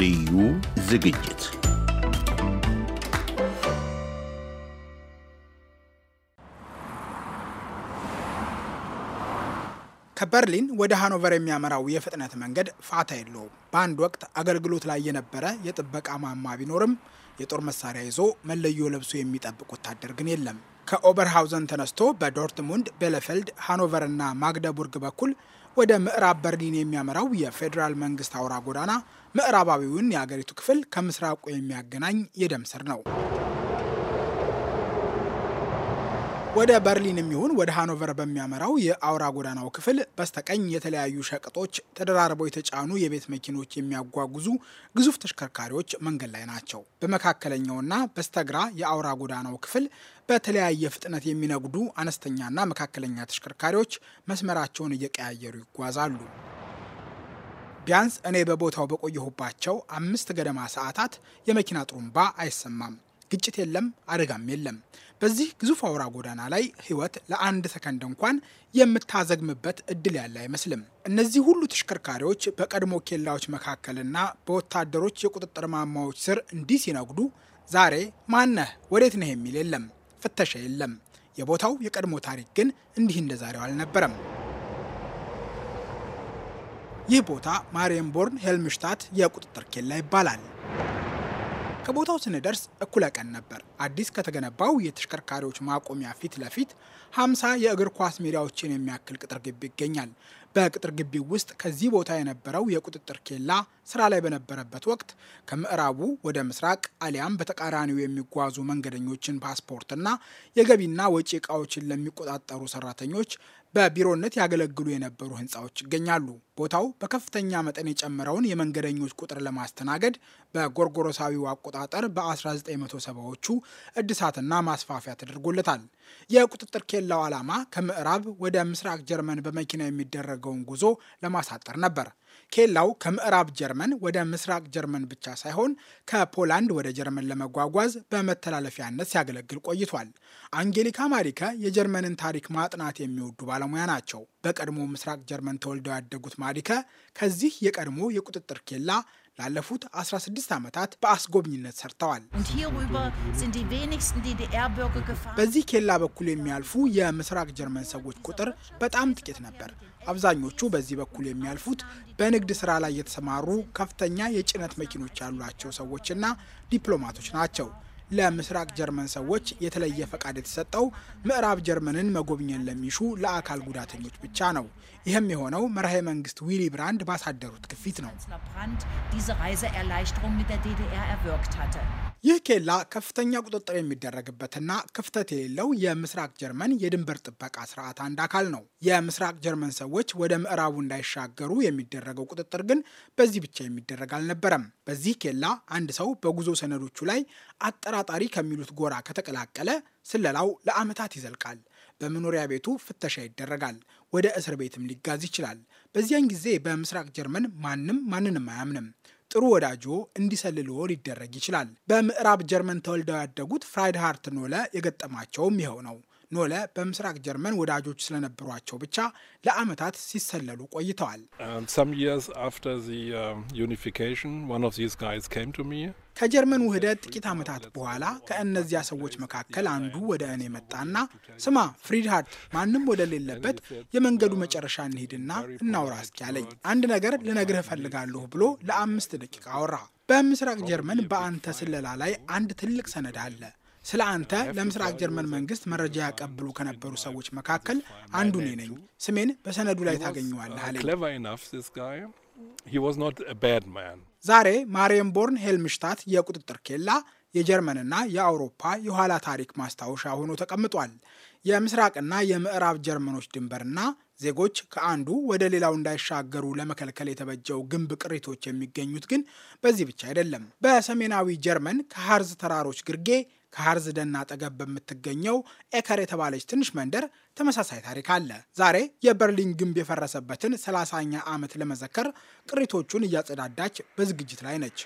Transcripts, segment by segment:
ልዩ ዝግጅት ከበርሊን ወደ ሃኖቨር የሚያመራው የፍጥነት መንገድ ፋታ የለውም። በአንድ ወቅት አገልግሎት ላይ የነበረ የጥበቃ ማማ ቢኖርም የጦር መሳሪያ ይዞ መለዮ ለብሶ የሚጠብቅ ወታደር ግን የለም። ከኦበርሃውዘን ተነስቶ በዶርትሙንድ፣ ቤለፌልድ፣ ሃኖቨር እና ማግደቡርግ በኩል ወደ ምዕራብ በርሊን የሚያመራው የፌዴራል መንግስት አውራ ጎዳና ምዕራባዊውን የአገሪቱ ክፍል ከምስራቁ የሚያገናኝ የደም ስር ነው። ወደ በርሊን የሚሆን ወደ ሃኖቨር በሚያመራው የአውራ ጎዳናው ክፍል በስተቀኝ የተለያዩ ሸቀጦች ተደራርበው የተጫኑ የቤት መኪኖች የሚያጓጉዙ ግዙፍ ተሽከርካሪዎች መንገድ ላይ ናቸው። በመካከለኛውና በስተግራ የአውራ ጎዳናው ክፍል በተለያየ ፍጥነት የሚነጉዱ አነስተኛና መካከለኛ ተሽከርካሪዎች መስመራቸውን እየቀያየሩ ይጓዛሉ። ቢያንስ እኔ በቦታው በቆየሁባቸው አምስት ገደማ ሰዓታት የመኪና ጥሩምባ አይሰማም። ግጭት የለም፣ አደጋም የለም። በዚህ ግዙፍ አውራ ጎዳና ላይ ህይወት ለአንድ ሰከንድ እንኳን የምታዘግምበት እድል ያለ አይመስልም። እነዚህ ሁሉ ተሽከርካሪዎች በቀድሞ ኬላዎች መካከልና በወታደሮች የቁጥጥር ማማዎች ስር እንዲህ ሲነጉዱ፣ ዛሬ ማነህ ወዴት ነህ የሚል የለም፣ ፍተሻ የለም። የቦታው የቀድሞ ታሪክ ግን እንዲህ እንደ ዛሬው አልነበረም። ይህ ቦታ ማሪየንቦርን ሄልምሽታት የቁጥጥር ኬላ ይባላል። ከቦታው ስንደርስ እኩለ ቀን ነበር። አዲስ ከተገነባው የተሽከርካሪዎች ማቆሚያ ፊት ለፊት 50 የእግር ኳስ ሜዳዎችን የሚያክል ቅጥር ግቢ ይገኛል። በቅጥር ግቢው ውስጥ ከዚህ ቦታ የነበረው የቁጥጥር ኬላ ስራ ላይ በነበረበት ወቅት ከምዕራቡ ወደ ምስራቅ አሊያም በተቃራኒው የሚጓዙ መንገደኞችን ፓስፖርትና የገቢና ወጪ እቃዎችን ለሚቆጣጠሩ ሰራተኞች በቢሮነት ያገለግሉ የነበሩ ህንፃዎች ይገኛሉ። ቦታው በከፍተኛ መጠን የጨመረውን የመንገደኞች ቁጥር ለማስተናገድ በጎርጎሮሳዊው አቆጣጠር በ1970ዎቹ እድሳትና ማስፋፊያ ተደርጎለታል። የቁጥጥር ኬላው ዓላማ ከምዕራብ ወደ ምስራቅ ጀርመን በመኪና የሚደረገውን ጉዞ ለማሳጠር ነበር። ኬላው ከምዕራብ ጀርመን ጀርመን ወደ ምስራቅ ጀርመን ብቻ ሳይሆን ከፖላንድ ወደ ጀርመን ለመጓጓዝ በመተላለፊያነት ሲያገለግል ቆይቷል። አንጌሊካ ማሪከ የጀርመንን ታሪክ ማጥናት የሚወዱ ባለሙያ ናቸው። በቀድሞ ምስራቅ ጀርመን ተወልደው ያደጉት ማሪከ ከዚህ የቀድሞ የቁጥጥር ኬላ ላለፉት 16 ዓመታት በአስጎብኝነት ሰርተዋል። በዚህ ኬላ በኩል የሚያልፉ የምስራቅ ጀርመን ሰዎች ቁጥር በጣም ጥቂት ነበር። አብዛኞቹ በዚህ በኩል የሚያልፉት በንግድ ስራ ላይ የተሰማሩ ከፍተኛ የጭነት መኪኖች ያሏቸው ሰዎችና ዲፕሎማቶች ናቸው። ለምስራቅ ጀርመን ሰዎች የተለየ ፈቃድ የተሰጠው ምዕራብ ጀርመንን መጎብኘን ለሚሹ ለአካል ጉዳተኞች ብቻ ነው። ይህም የሆነው መራሄ መንግስት ዊሊ ብራንድ ባሳደሩት ግፊት ነው። ይህ ኬላ ከፍተኛ ቁጥጥር የሚደረግበትና ክፍተት የሌለው የምስራቅ ጀርመን የድንበር ጥበቃ ስርዓት አንድ አካል ነው። የምስራቅ ጀርመን ሰዎች ወደ ምዕራቡ እንዳይሻገሩ የሚደረገው ቁጥጥር ግን በዚህ ብቻ የሚደረግ አልነበረም። በዚህ ኬላ አንድ ሰው በጉዞ ሰነዶቹ ላይ አጠራጣሪ ከሚሉት ጎራ ከተቀላቀለ ስለላው ለዓመታት ይዘልቃል። በመኖሪያ ቤቱ ፍተሻ ይደረጋል። ወደ እስር ቤትም ሊጋዝ ይችላል። በዚያን ጊዜ በምስራቅ ጀርመን ማንም ማንንም አያምንም። ጥሩ ወዳጆ እንዲሰልልዎ ሊደረግ ይችላል። በምዕራብ ጀርመን ተወልደው ያደጉት ፍራይድሃርት ኖለ የገጠማቸውም ይኸው ነው። ኖለ በምስራቅ ጀርመን ወዳጆች ስለነበሯቸው ብቻ ለአመታት ሲሰለሉ ቆይተዋል። ከጀርመን ውህደት ጥቂት ዓመታት በኋላ ከእነዚያ ሰዎች መካከል አንዱ ወደ እኔ መጣና ስማ ፍሪድሃርት፣ ማንም ሌለበት የመንገዱ መጨረሻ እንሂድና እናውራ እስኪ አለኝ። አንድ ነገር ልነግርህ እፈልጋለሁ ብሎ ለአምስት ደቂቃ አወራ። በምስራቅ ጀርመን በአንተ ስለላ ላይ አንድ ትልቅ ሰነድ አለ። ስለ አንተ ለምስራቅ ጀርመን መንግስት መረጃ ያቀብሉ ከነበሩ ሰዎች መካከል አንዱ እኔ ነኝ። ስሜን በሰነዱ ላይ ታገኘዋለህ አለኝ። ዛሬ ማሪየንቦርን ሄልምሽታት የቁጥጥር ኬላ የጀርመንና የአውሮፓ የኋላ ታሪክ ማስታወሻ ሆኖ ተቀምጧል። የምስራቅና የምዕራብ ጀርመኖች ድንበርና ዜጎች ከአንዱ ወደ ሌላው እንዳይሻገሩ ለመከልከል የተበጀው ግንብ ቅሪቶች የሚገኙት ግን በዚህ ብቻ አይደለም። በሰሜናዊ ጀርመን ከሃርዝ ተራሮች ግርጌ ከሀርዝ ደን አጠገብ በምትገኘው ኤከር የተባለች ትንሽ መንደር ተመሳሳይ ታሪክ አለ። ዛሬ የበርሊን ግንብ የፈረሰበትን ሰላሳኛ ዓመት ለመዘከር ቅሪቶቹን እያጸዳዳች በዝግጅት ላይ ነች።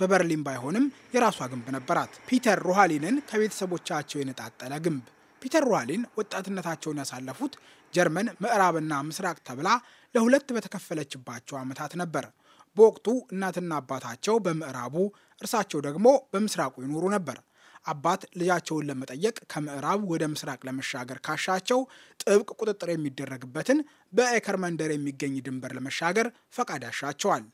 በበርሊን ባይሆንም የራሷ ግንብ ነበራት። ፒተር ሩሃሊንን ከቤተሰቦቻቸው የነጣጠለ ግንብ ፒተር ሯሊን ወጣትነታቸውን ያሳለፉት ጀርመን ምዕራብና ምስራቅ ተብላ ለሁለት በተከፈለችባቸው ዓመታት ነበር። በወቅቱ እናትና አባታቸው በምዕራቡ እርሳቸው ደግሞ በምስራቁ ይኖሩ ነበር። አባት ልጃቸውን ለመጠየቅ ከምዕራብ ወደ ምስራቅ ለመሻገር ካሻቸው ጥብቅ ቁጥጥር የሚደረግበትን በኤከር መንደር የሚገኝ ድንበር ለመሻገር ፈቃድ ያሻቸዋል።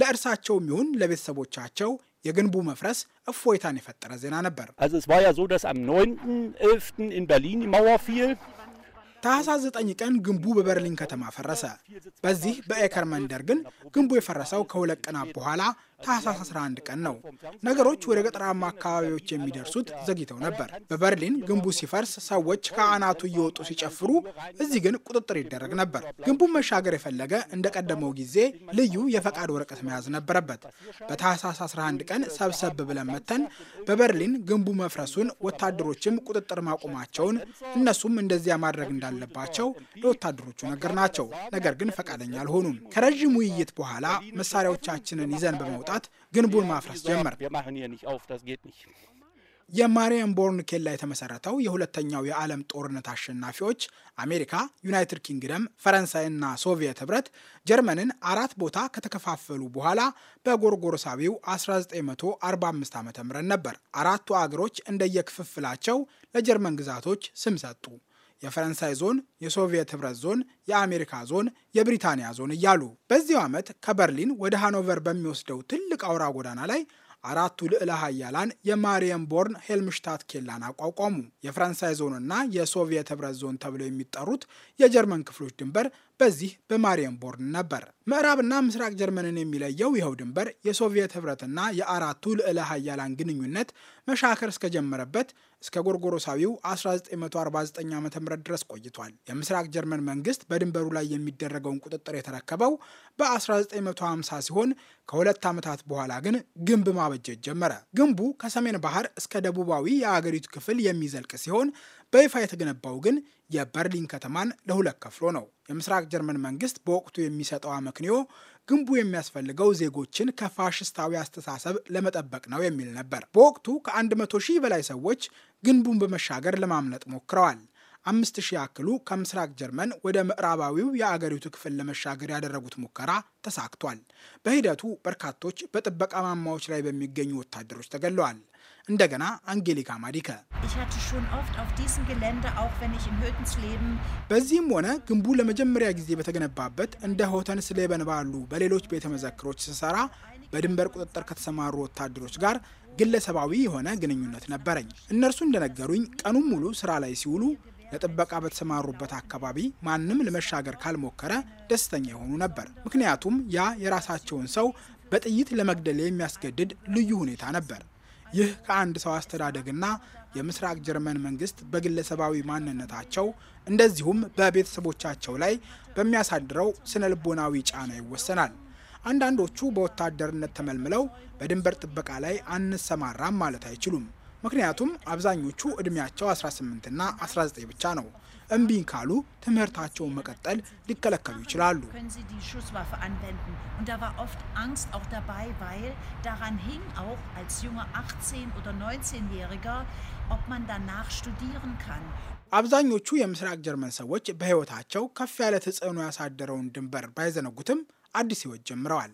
ለእርሳቸውም ይሁን ለቤተሰቦቻቸው የግንቡ መፍረስ እፎይታን የፈጠረ ዜና ነበር። ታህሳስ 9 ቀን ግንቡ በበርሊን ከተማ ፈረሰ። በዚህ በኤከር መንደር ግን ግንቡ የፈረሰው ከሁለት ቀናት በኋላ ታህሳስ 11 ቀን ነው። ነገሮች ወደ ገጠራማ አካባቢዎች የሚደርሱት ዘግይተው ነበር። በበርሊን ግንቡ ሲፈርስ ሰዎች ከአናቱ እየወጡ ሲጨፍሩ፣ እዚህ ግን ቁጥጥር ይደረግ ነበር። ግንቡን መሻገር የፈለገ እንደ ቀደመው ጊዜ ልዩ የፈቃድ ወረቀት መያዝ ነበረበት። በታህሳስ 11 ቀን ሰብሰብ ብለን መተን በበርሊን ግንቡ መፍረሱን፣ ወታደሮችም ቁጥጥር ማቆማቸውን እነሱም እንደዚያ ማድረግ እንዳለ እንዳለባቸው ለወታደሮቹ ነገር ናቸው። ነገር ግን ፈቃደኛ አልሆኑም። ከረዥም ውይይት በኋላ መሳሪያዎቻችንን ይዘን በመውጣት ግንቡን ማፍረስ ጀመር። የማሪያም ቦርን ኬላ የተመሰረተው የሁለተኛው የዓለም ጦርነት አሸናፊዎች አሜሪካ፣ ዩናይትድ ኪንግደም፣ ፈረንሳይና ሶቪየት ህብረት ጀርመንን አራት ቦታ ከተከፋፈሉ በኋላ በጎርጎሮሳዊው 1945 ዓ ም ነበር። አራቱ አገሮች እንደየክፍፍላቸው ለጀርመን ግዛቶች ስም ሰጡ። የፈረንሳይ ዞን፣ የሶቪየት ህብረት ዞን፣ የአሜሪካ ዞን፣ የብሪታንያ ዞን እያሉ በዚሁ ዓመት ከበርሊን ወደ ሃኖቨር በሚወስደው ትልቅ አውራ ጎዳና ላይ አራቱ ልዕለ ሀያላን የማሪየም ቦርን ሄልምሽታት ኬላን አቋቋሙ። የፈረንሳይ ዞንና የሶቪየት ህብረት ዞን ተብለው የሚጠሩት የጀርመን ክፍሎች ድንበር በዚህ በማሪየንቦርን ነበር። ምዕራብና ምስራቅ ጀርመንን የሚለየው ይኸው ድንበር የሶቪየት ህብረትና የአራቱ ልዕለ ሀያላን ግንኙነት መሻከር እስከጀመረበት እስከ ጎርጎሮሳዊው 1949 ዓ ም ድረስ ቆይቷል። የምስራቅ ጀርመን መንግስት በድንበሩ ላይ የሚደረገውን ቁጥጥር የተረከበው በ1950 ሲሆን ከሁለት ዓመታት በኋላ ግን ግንብ ማበጀት ጀመረ። ግንቡ ከሰሜን ባህር እስከ ደቡባዊ የአገሪቱ ክፍል የሚዘልቅ ሲሆን በይፋ የተገነባው ግን የበርሊን ከተማን ለሁለት ከፍሎ ነው። የምስራቅ የምስራቅ ጀርመን መንግስት በወቅቱ የሚሰጠው አመክንዮ ግንቡ የሚያስፈልገው ዜጎችን ከፋሽስታዊ አስተሳሰብ ለመጠበቅ ነው የሚል ነበር። በወቅቱ ከ100 ሺህ በላይ ሰዎች ግንቡን በመሻገር ለማምለጥ ሞክረዋል። አምስት ሺህ ያክሉ ከምስራቅ ጀርመን ወደ ምዕራባዊው የአገሪቱ ክፍል ለመሻገር ያደረጉት ሙከራ ተሳክቷል። በሂደቱ በርካቶች በጥበቃ ማማዎች ላይ በሚገኙ ወታደሮች ተገለዋል። እንደገና አንጌሊካ ማዲከ በዚህም ሆነ ግንቡ ለመጀመሪያ ጊዜ በተገነባበት እንደ ሆተን ስሌበን ባሉ በሌሎች ቤተ መዘክሮች ስሰራ በድንበር ቁጥጥር ከተሰማሩ ወታደሮች ጋር ግለሰባዊ የሆነ ግንኙነት ነበረኝ። እነርሱ እንደነገሩኝ ቀኑን ሙሉ ስራ ላይ ሲውሉ ለጥበቃ በተሰማሩበት አካባቢ ማንም ለመሻገር ካልሞከረ ደስተኛ የሆኑ ነበር። ምክንያቱም ያ የራሳቸውን ሰው በጥይት ለመግደል የሚያስገድድ ልዩ ሁኔታ ነበር። ይህ ከአንድ ሰው አስተዳደግና የምስራቅ ጀርመን መንግስት በግለሰባዊ ማንነታቸው እንደዚሁም በቤተሰቦቻቸው ላይ በሚያሳድረው ስነ ልቦናዊ ጫና ይወሰናል። አንዳንዶቹ በወታደርነት ተመልምለው በድንበር ጥበቃ ላይ አንሰማራም ማለት አይችሉም። ምክንያቱም አብዛኞቹ እድሜያቸው 18 እና 19 ብቻ ነው። እምቢን ካሉ ትምህርታቸውን መቀጠል ሊከለከሉ ይችላሉ። አብዛኞቹ የምስራቅ ጀርመን ሰዎች በሕይወታቸው ከፍ ያለ ተጽዕኖ ያሳደረውን ድንበር ባይዘነጉትም አዲስ ሕይወት ጀምረዋል።